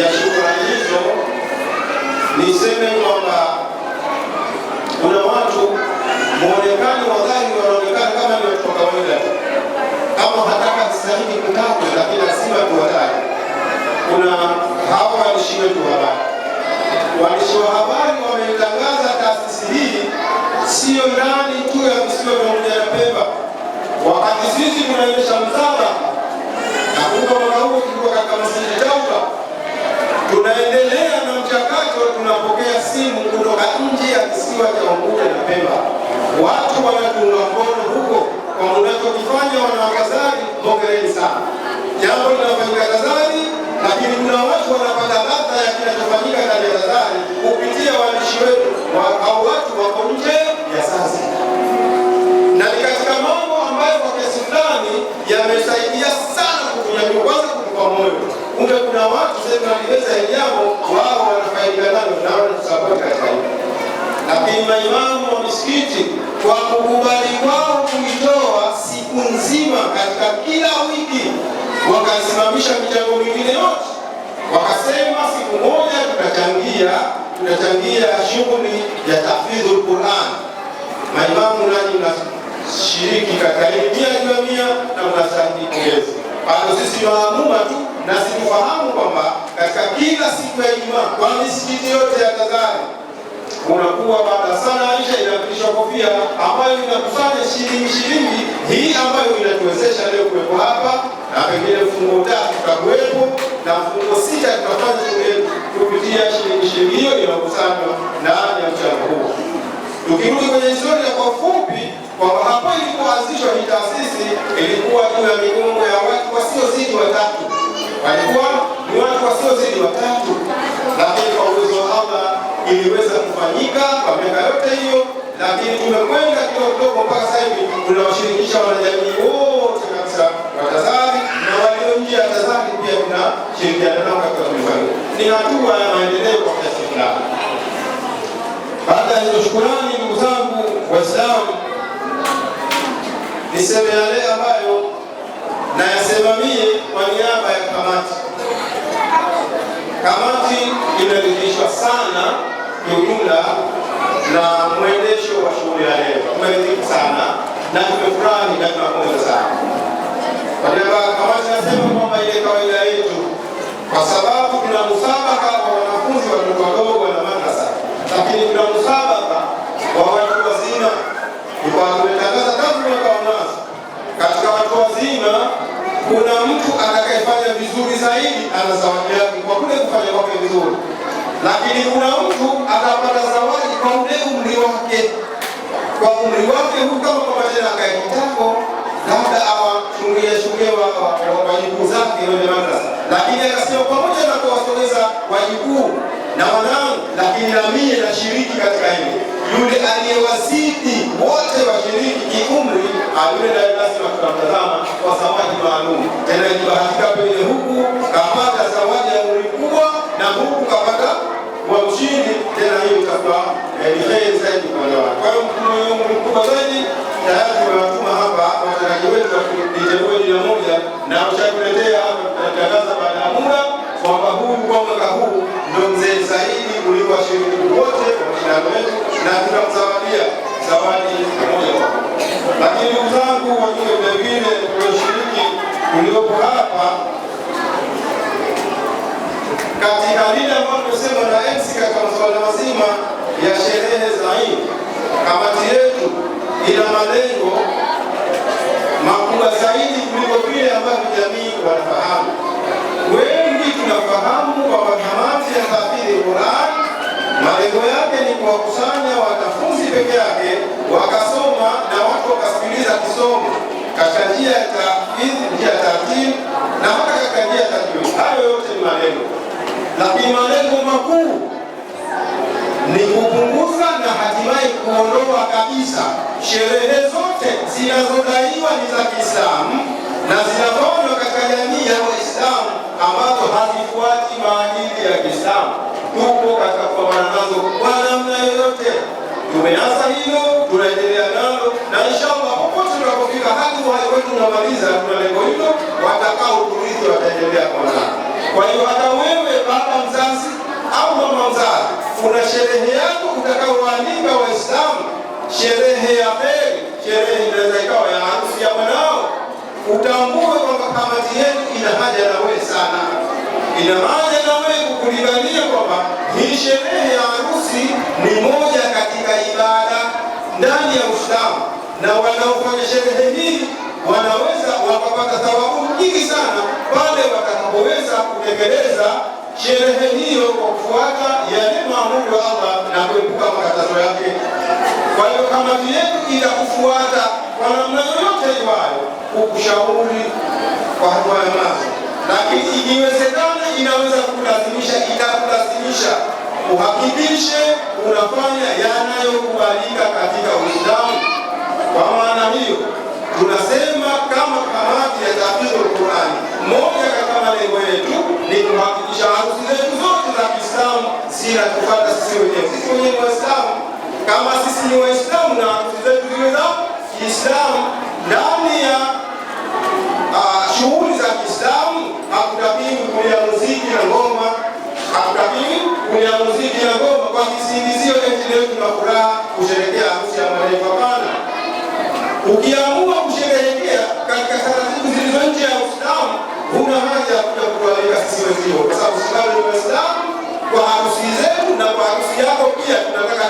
ya shukrani hizo, niseme kwamba kuna watu muonekano wa dhahiri wanaonekana kama ni watu wa kawaida, kama hataka sahihi kutajwa, lakini lazima tuwataje. Kuna hawa waandishi wetu wa habari, waandishi wa habari wametangaza taasisi hii siyo ndani tu ya visiwa vya Unguja na Pemba, wakati sisi tunaendesha tunaendelea na mchakato. Tunapokea simu kutoka nje ya kisiwa cha Unguja na Pemba, watu wanatuunga mkono huko kwa mnachokifanya. Wanawakazali, hongereni sana, jambo linafanyika kazari lakini kuna watu wanapata ladha ya kinachofanyika ndani ya Tazari kupitia akaimba imamu wa misikiti kwa kukubali kwao kuitoa siku nzima katika kila wiki, wakasimamisha michango mingine yote, wakasema siku moja tutachangia tutachangia shughuli ya tahfidhul Qur'an. Maimamu nani mnashiriki katika hili mia jua mia na mnastahili pongezi. Bado sisi maamuma tu na sikufahamu kwamba katika kila siku ya Ijumaa kwa misikiti yote ya Tanzania unakuwa baada sana Aisha inapitishwa kofia ambayo inakusanya shilingi shilingi hii ambayo inatuwezesha leo kuwepo hapa na pengine mfungo tatu tutakuwepo na mfungo sita tutafanya kupitia shilingi shilingi hiyo inakusanywa ndani ya mchango huo. Tukirudi kwenye historia kwa ufupi, kwamba hapo ilipoanzishwa hii taasisi ilikuwa juu ya migongo ya watu wasiozidi watatu, walikuwa ni watu wasiozidi watatu lakini iliweza kufanyika kwa miaka yote hiyo, lakini tumekwenda kidogo kidogo mpaka sasa hivi tunawashirikisha wanajamii wote kabisa wa TAZARI na walio nje ya TAZARI pia tunashirikiana nao katika kuifanya. Ni hatua ya maendeleo kwa kiasi fulani. Baada ya hizo shukurani, ndugu zangu Waislamu, niseme yale ambayo mie kwa niaba ya kamati. Kamati imeridhishwa sana kiujumla na mwendesho wa shughuli ya leo. Tumeridhika sana na tumefurahi na tunapongeza sana Waneba. Kamati nasema kwamba ile kawaida yetu, kwa sababu tuna msabaka wa wanafunzi watoto wadogo wana madrasa, lakini tuna msabaka wa watu wazima tumetangaza tangu mwaka wa mwanzo. Katika watu wazima kuna mtu atakayefanya vizuri zaidi ana zawadi yake kwa kule kufanya kwake vizuri lakini kuna mtu atapata zawadi kwa ule umri wake, kwa umri wake huu, kama kwa majina akaitako, labda awachungie chungie wajukuu zake wenye madrasa, lakini akasema pamoja na kuwasogeza wajukuu na wanangu, lakini na mie nashiriki katika hili. Yule aliyewazidi wote washiriki kiumri, ayule naye lazima tutamtazama kwa zawadi maalum, tena ikibahatika pele huku na ushakuletea hapa, baada ya muda kwamba huu kwa mwaka huu ndio mzee zaidi kuliko washiriki wote wa mashindano yetu, na tunamzawadia zawadi moja. Lakini ndugu zangu wajue vilevile tulioshiriki tuliopo hapa katika lile ambalo tunasema na MC katika masuala mazima ya sherehe zaidi, kamati yetu ina malengo wanafahamu. Wengi tunafahamu kwamba kamati ya tahfidhi Qur'an malengo yake ni kuwakusanya wanafunzi peke yake wakasoma na watu wakasikiliza kisomo katika njia ya tahfidhi, njia ya tartibu na hata katika njia ya tajwid. Hayo yote ni malengo, lakini malengo makuu ni kupunguza na hatimaye kuondoa kabisa sherehe zote zinazodaiwa ni za Kiislamu na zinafanywa katika jamii ya Waislamu ambazo hazifuati maadili ya Kiislamu, tuko katika kupambana nazo kwa namna yoyote. Tumeanza hilo, tunaendelea nalo na inshallah, popote tunapofika hadi uhai wetu tunamaliza, tuna lengo hilo. Watakao kurithi wataendelea kwa nao. Kwa hiyo hata wewe baba mzazi au mama mzazi, kuna sherehe yako utakaoanika Waislamu, sherehe ya heri. Sherehe inaweza ikawa ya harusi ya utambue kwamba kamati yetu ina haja na wewe sana, ina haja na wewe kukulibania kwamba hii sherehe ya harusi ni moja katika ibada ndani ya Uislamu, na wanaofanya sherehe hii wanaweza wakapata thawabu nyingi sana pale watakapoweza kutekeleza sherehe hiyo kwa kufuata yale maamuru ya Allah na kuepuka makatazo yake. Kwa hiyo kamati yetu itakufuata kwa namna yoyote iwayo kukushauri kwa hatua ya mwanzo, lakini ikiwezekana inaweza kulazimisha, itakulazimisha uhakikishe unafanya yanayokubalika katika Uislamu. Kwa maana hiyo tunasema kama kamati ya tahfidhul Qurani, moja katika malengo yetu ni kuhakikisha harusi zetu zote za Kiislamu zinatufata sisi wenyewe. Sisi wenyewe Waislamu, kama sisi ni Waislamu na harusi zetu ziwe za Kiislamu ndani ya ya muziki na ngoma kwa kisingizio eti leo tuna furaha kusherehekea harusi ya marehemu. Hapana, ukiamua kusherehekea katika taratibu zilizo nje ya Uislamu, huna haja ya kuja kutualika sisi wenzio, kwa sababu Uislamu ni Waislamu kwa harusi zetu na kwa harusi yako pia tunataka